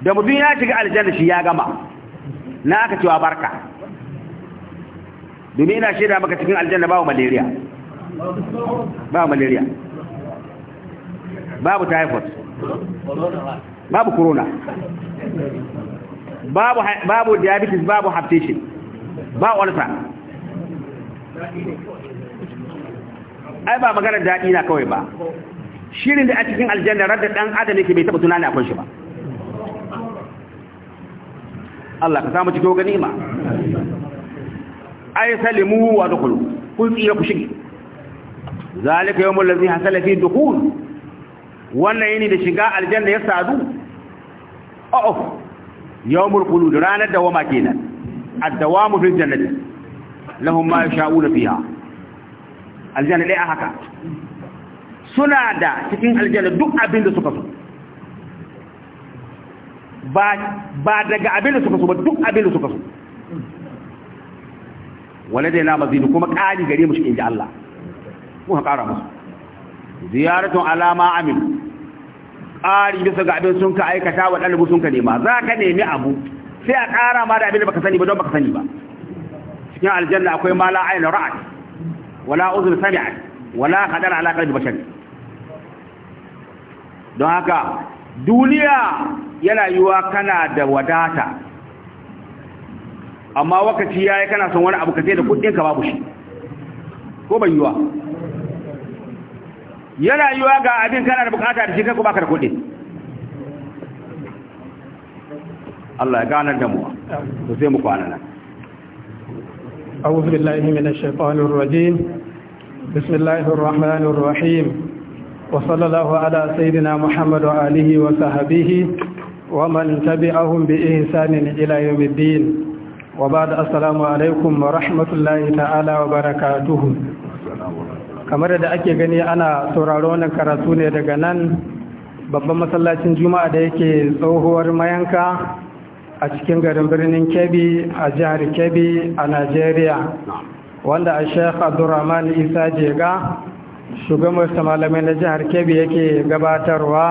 da mutum ya shiga aljanna shi ya gama na aka cewa barka domin ina shaida maka cikin aljanna babu malaria babu malaria babu typhoid babu corona babu babu diabetes babu hypertension ba ulcer ai ba maganar daɗi na kawai ba shirin da a cikin aljanna radda dan adam yake bai taɓa tunani akan shi ba Allah ka samu cikin ganima ai salimu wa dukulu kun tsira ku shige zalika yawmul ladhi hasala fi dukhul wannan yini da shiga aljanna ya sadu oh, oh. yawmul qulud ranar dawama kenan ad-dawamu fil jannati lahum ma yasha'una fiha aljanna dai haka suna da cikin aljanna duk abin da suka so ba daga abin da suka so ba duk abin da suka so wale dai na mazidu kuma ƙari gare mu shi inji Allah kuma ƙara musu ziyaratun alama amin ƙari bisa ga abin sun ka aikata wa ɗalibu sun ka nema za ka nemi abu sai a ƙara ma da abin da baka sani ba don baka sani ba cikin aljanna akwai ma la ayin ra'ad wala uzur sami'at wala qadar alaƙar da bashar don haka duniya yana yiwuwa kana da wadata amma wakaci yi kana son wani abu ka sai da kuɗin ka babu shi ko ban yiwa yana yiwa ga abin kana da bukata da shi kai kuma ka kuɗi Allah ya ganar da mu to sai mu kwana nan أعوذ بالله من الشيطان الرجيم بسم الله الرحمن الرحيم وصلى الله على سيدنا محمد وآله وصحبه ومن تبعهم بإحسان إلى يوم الدين وبعد السلام عليكم ورحمة الله تعالى وبركاته kamar da ake gani ana sauraro wannan karatu ne daga nan babban masallacin juma'a da yake tsohuwar mayanka a cikin garin birnin kebi a jihar kebi a najeriya wanda a sheikh abdurrahman isa jega shugabar malamai na jihar kebi yake gabatarwa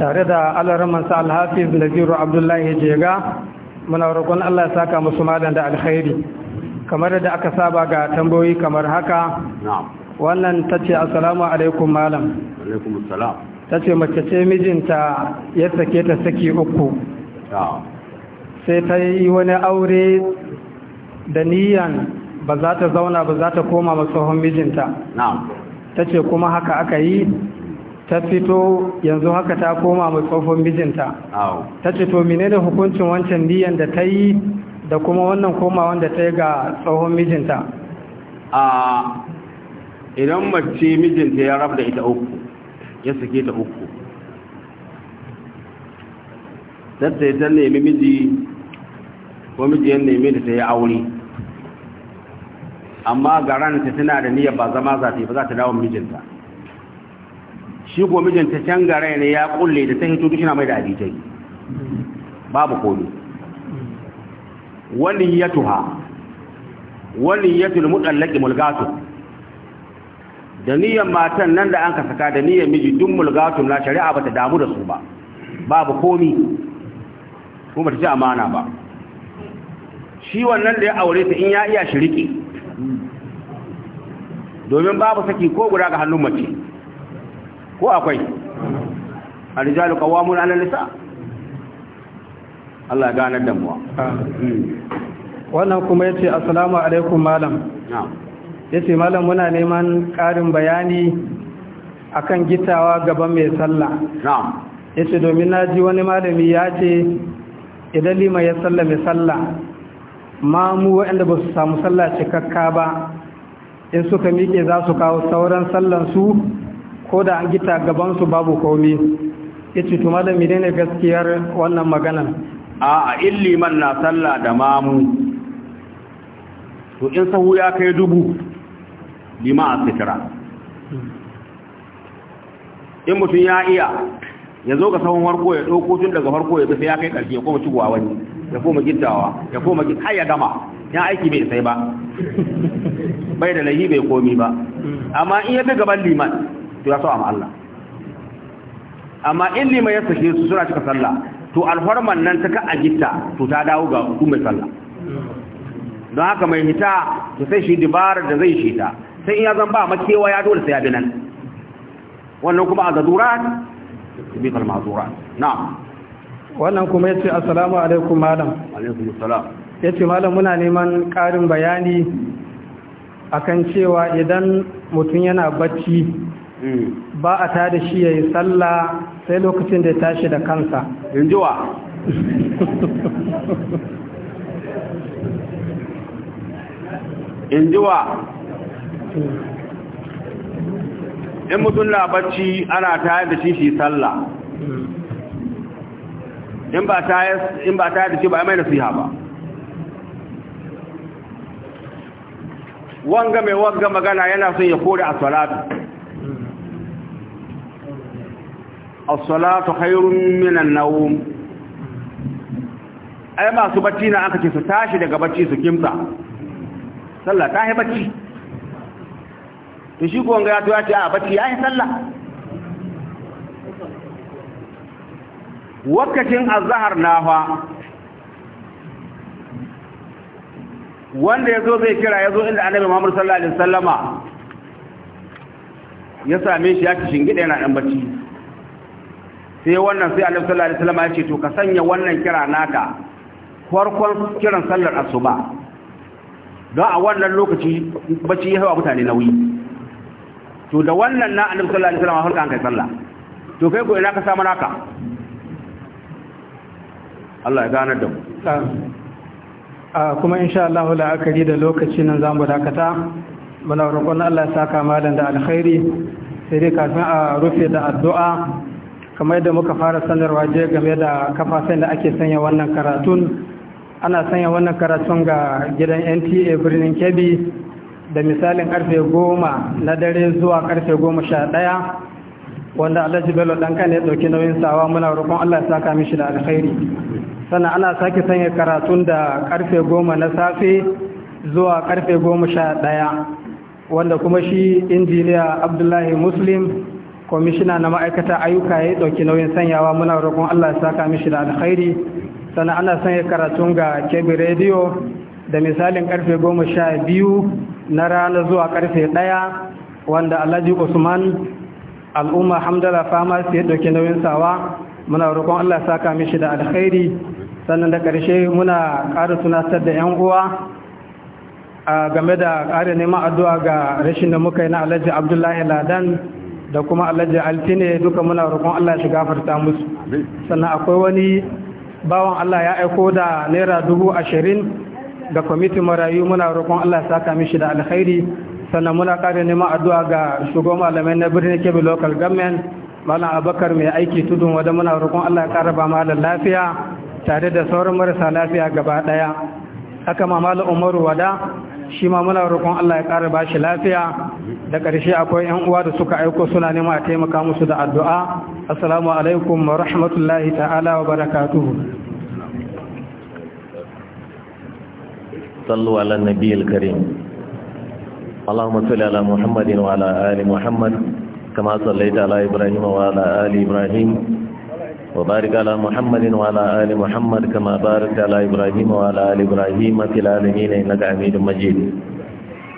tare da alaramansa alhafiz naziru abdullahi jega muna roƙon allah saka musu malam da alkhairi kamar da aka saba ga tambayoyi kamar haka wannan ta ce assalamu alaikum malam alaikum assalam ta ce mace ce mijinta ya sake ta saki uku sai ta yi wani aure da niyan ba za ta zauna ba za ta koma masahon mijinta ta ce kuma haka aka yi ta fito yanzu haka ta koma masahon mijinta ta ce to mine da hukuncin wancan niyan da ta yi da kuma wannan koma da ta yi ga tsohon mijinta idan mace mijinta ya rabu da ita uku ya sake ta uku da ta nemi miji ko miji ya nemi da ta yi aure amma ga ranta tana da niyyar ba zama za ta yi ba za ta dawo mijinta shi ko mijinta can gare ne ya kulle da ta hito dukina mai da abitai babu komi wani ya tuha wani ya tulmuɗan laƙi mulgatu da niyyar matan nan da an ka saka da niyyar miji duk mulgatun na shari'a bata damu da su ba babu komi kuma ta ci amana ba shi wannan da ya aure ta in ya iya shiriki domin babu saki ko guda ga hannun mace ko akwai الرجال قوامون ala nisa Allah ganar da mu wannan kuma yace assalamu alaikum malam na'am ya ce malam muna neman ƙarin bayani akan gitawa gaban mai sallah ya ce domin na ji wani malami ya ce idan lima ya sallah mai sallah mu waɗanda ba su samu sallah cikakka ba in suka miƙe za su kawo sauran sallansu ko da an gita gabansu babu komi ya ce tu malami ne gaskiyar wannan maganan a in liman na sallah da mamu to in sahu ya kai dubu lima a fitira in mutum ya iya ya zo ga sahun farko ya ɗauko tun daga farko ya sai ya kai ƙarshe ya koma cigowa wani ya koma gittawa ya koma har ya gama ya aiki bai sai ba bai da lahi bai komi ba amma in ya fi gaban liman to ya sa'a Allah amma in liman ya sake su suna cika sallah to alfarman nan ta ka a gitta to ta dawo ga hukumar sallah don haka mai hita to sai shi dibara da zai shi ta sai ya zan ba makewa ya dole sai ya bi nan wannan kuma a su bi kal mazurat wannan kuma yace assalamu alaikum malam alaikum assalam yace malam muna neman karin bayani akan cewa idan mutum yana bacci hmm. ba a tada shi yayi sallah sai lokacin da ya tashi da kansa injuwa injuwa in mutum na bacci ana tayar da shi shi sallah in ba tayar da shi ba mai nasiha ba wanga mai wanga magana yana son ya kore a salatu A salatu hairun minan nawm ai masu bacci na aka ce su tashi daga bacci su kimta sallah ta hi bacci to shi kuwan ya tuwa ce a bacci ya yi sallah wakacin azahar nawa wanda ya zo zai kira ya zo inda annabi muhammadu sallallahu alaihi sallama ya same shi ya ci shingida yana ɗan bacci sai wannan sai annabi sallallahu alaihi sallama ya ce to ka sanya wannan kira naka farkon kiran sallar asuba don a wannan lokaci bacci ya hawa mutane nauyi to da wannan na annabi sallallahu alaihi wasallam hulka an kai sallah to kai ko ina ka samu naka Allah ya gane da mu kuma insha Allah akari da lokaci nan zamu dakata muna roƙon Allah ya saka malam da alkhairi sai dai kafin a rufe da addu'a kamar yadda muka fara sanarwa je game da kafafen da ake sanya wannan karatun ana sanya wannan karatun ga gidan NTA birnin Kebbi da misalin karfe goma na dare zuwa karfe goma sha ɗaya wanda alhaji bello ɗanka ne ɗauki nauyin sawa muna roƙon allah ya saka mishi da alkhairi sannan ana sake sanya karatun da karfe goma na safe zuwa karfe goma sha ɗaya wanda kuma shi injiniya abdullahi muslim kwamishina na ma'aikata ayyuka ya ɗauki nauyin sanyawa muna roƙon allah ya saka mishi da alkhairi sannan ana sanya karatun ga kebi rediyo da misalin karfe goma sha biyu na rana zuwa karfe ɗaya wanda alhaji usman al'umma hamdala fama su yadda ke nauyin sawa muna roƙon allah saka mishi da alkhairi sannan da ƙarshe muna ƙara tunatar da 'yan uwa a game da ƙara neman addu'a ga rashin da muka yi na alhaji abdullahi ladan da kuma alhaji altine duka muna roƙon allah shi gafarta musu sannan akwai wani bawan allah ya aiko da naira dubu ashirin da kwamitin marayu muna roƙon Allah ya saka mishi da alkhairi sannan muna ƙara neman addu'a ga shugaban malamai na birnin Kebbi local government malam Abubakar mai aiki tudun wanda muna roƙon Allah ya ƙara ba malam lafiya tare da sauran marasa lafiya gaba ɗaya haka ma malam Umaru Wada shi ma muna roƙon Allah ya ƙara ba shi lafiya da ƙarshe akwai ƴan uwa da suka aiko suna nema a taimaka musu da addu'a assalamu alaikum wa rahmatullahi ta'ala wa barakatuhu صلوا على النبي الكريم اللهم صل على محمد وعلى آل محمد كما صليت على إبراهيم وعلى آل إبراهيم وبارك على محمد وعلى آل محمد كما باركت على إبراهيم وعلى آل إبراهيم في العالمين إنك حميد مجيد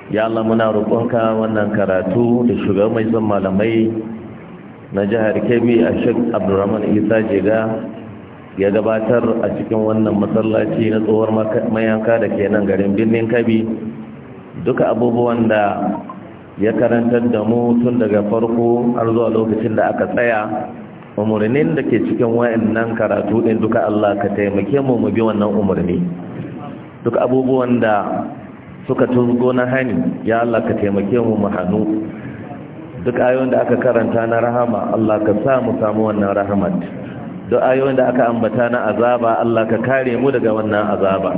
ya Allah muna roƙonka wannan karatu da shugaban mai zan malamai na jihar Kebbi a Sheikh Abdulrahman Isa Jega ya gabatar a cikin wannan masallaci na tsohuwar mayanka da ke nan garin birnin kabi duka abubuwan da ya karantar da mu tun daga farko har zuwa lokacin da aka tsaya umarnin da ke cikin wa'annan karatu ɗin duka Allah ka taimake mu mu bi wannan umarni duka abubuwan da suka tuzgo na hani ya Allah ka taimake mu mu hannu duk ayoyin da aka karanta na rahama Allah ka sa mu samu wannan rahamat duk ayoyin da aka ambata na azaba Allah ka kare mu daga wannan azaba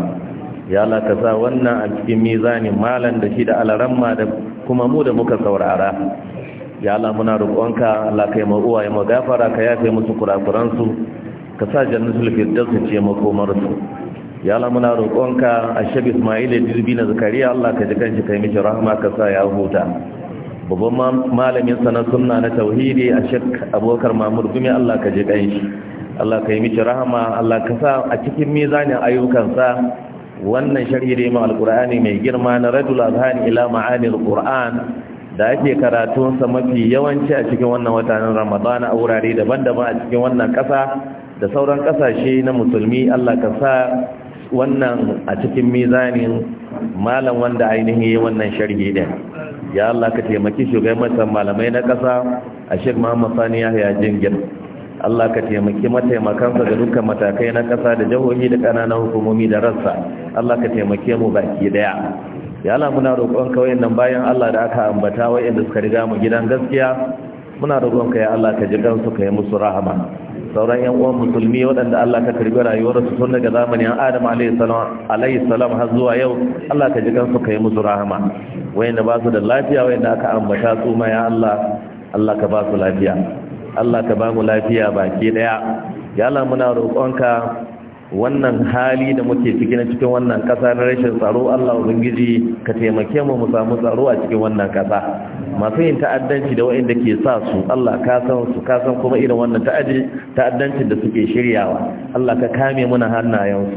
ya Allah ka sa wannan a cikin mizanin malan da shi da alaramma da kuma mu da muka saurara ya Allah muna roƙonka Allah kai mu ya mu gafara ka yafe musu kurakuran su ka sa jannatul firdaus ce komar su ya Allah muna roƙonka ashabi Ismail dirbi na Zakariya Allah ka ji kanshi kai mishi rahama ka sa ya huta babban malamin sanan sunna na tauhidi a shek abokar mamur gumi Allah ka ji kanshi Allah ka yi mishi rahama Allah ka sa a cikin mizanin ayyukansa wannan sharhi da imam alqur'ani mai girma na radul azhan ila ma'ani alqur'an da ake sa mafi yawanci a cikin wannan watan ramadana a wurare daban-daban a cikin wannan ƙasa da sauran kasashe na musulmi Allah ka sa wannan a cikin mizanin malam wanda ainihin wannan sharhi din ya Allah ka taimaki shugaban malamai na kasa a Sheikh Muhammad Sani Yahya Jingir Allah ka taimaki mataimakansa da dukkan matakai na ƙasa da jahohi da ƙananan hukumomi da rassa Allah ka taimake mu baki daya ya Allah muna roƙon ka wayannan bayan Allah da aka ambata wayanda suka riga mu gidan gaskiya muna roƙon ka ya Allah ka jigan su ka yi musu rahama sauran yan uwan musulmi waɗanda Allah ka karbi rayuwarsu tun daga zamanin Adam alayhi salam har zuwa yau Allah ka jigan su ka yi musu rahama wayanda ba su da lafiya wayanda aka ambata su ma ya Allah Allah ka ba su lafiya Allah ka ba mu lafiya baki daya ya Allah muna roƙonka wannan hali da muke ciki na cikin wannan ƙasa na rashin tsaro Allah ubangiji ka taimake mu mu samu tsaro a cikin wannan ƙasa masu yin ta'addanci da waɗanda ke sa su Allah ka san su ka san kuma irin wannan ta'addancin da suke shiryawa Allah ka kame muna hannayen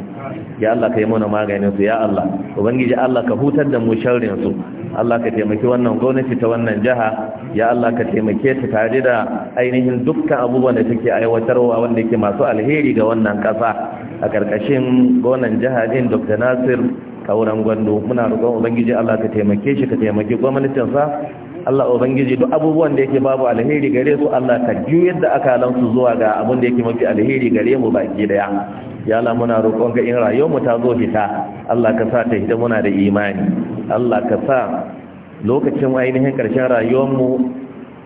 su ya Allah ka yi mana maganin su ya Allah ubangiji Allah ka hutar da mu sharrin su Allah ka taimaki wannan gwamnati ta wannan jiha ya Allah ka taimake ta tare da ainihin dukkan abubuwan da take aiwatarwa wanda yake masu alheri ga wannan kasa a karkashin gwamnan jiha din Dr. Nasir Kauran Gwando muna roƙon ubangiji Allah ka taimake shi ka taimaki gwamnatinsa Allah Ubangiji duk abubuwan da yake babu alheri gare su Allah ka juyar da akalansu zuwa ga abin da yake mafi alheri gare mu baki daya ya Allah muna roƙon ga in rayuwar mu ta zo fita Allah ka sa ta hita muna da imani Allah ka sa lokacin ainihin ƙarshen rayuwarmu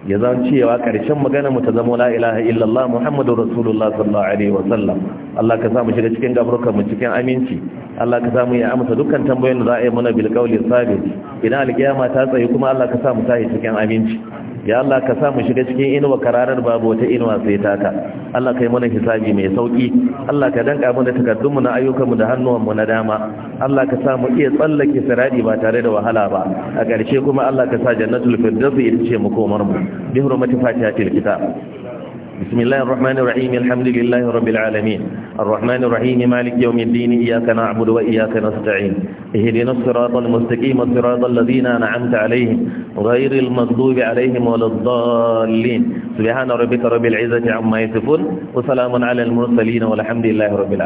ya zan cewa ƙarshen magana mu ta zama la ilaha illallah muhammadu rasulullah sallallahu alaihi sallam Allah ka sa mu shiga cikin gaburkan mu cikin aminci Allah ka sa mu ya amsa dukkan tambayoyin da za a yi mana bil qawli sabit idan alkiyama ta tsaye kuma Allah ka sa mu tashi cikin aminci ya Allah ka sa mu shiga cikin inuwa kararar babu wata inuwa sai taka Allah kai mana hisabi mai sauki Allah ka danka mana takardun mu na ayyukan mu da hannuwan mu na dama Allah ka sa mu iya tsallake siradi ba tare da wahala ba a ƙarshe kuma Allah ka sa jannatul firdausi ita ce mu komar mu bi hurmati fatihatil kitab بسم الله الرحمن الرحيم الحمد لله رب العالمين الرحمن الرحيم مالك يوم الدين إياك نعبد وإياك نستعين اهدنا الصراط المستقيم الصراط الذين أنعمت عليهم غير المغضوب عليهم ولا الضالين سبحان ربك رب العزة عما يصفون وسلام على المرسلين والحمد لله رب العالمين